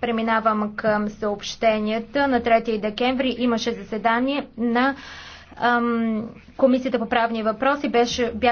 Преминавам към съобщенията. На 3 декември имаше заседание на ам, Комисията по правни въпроси. Беше, бях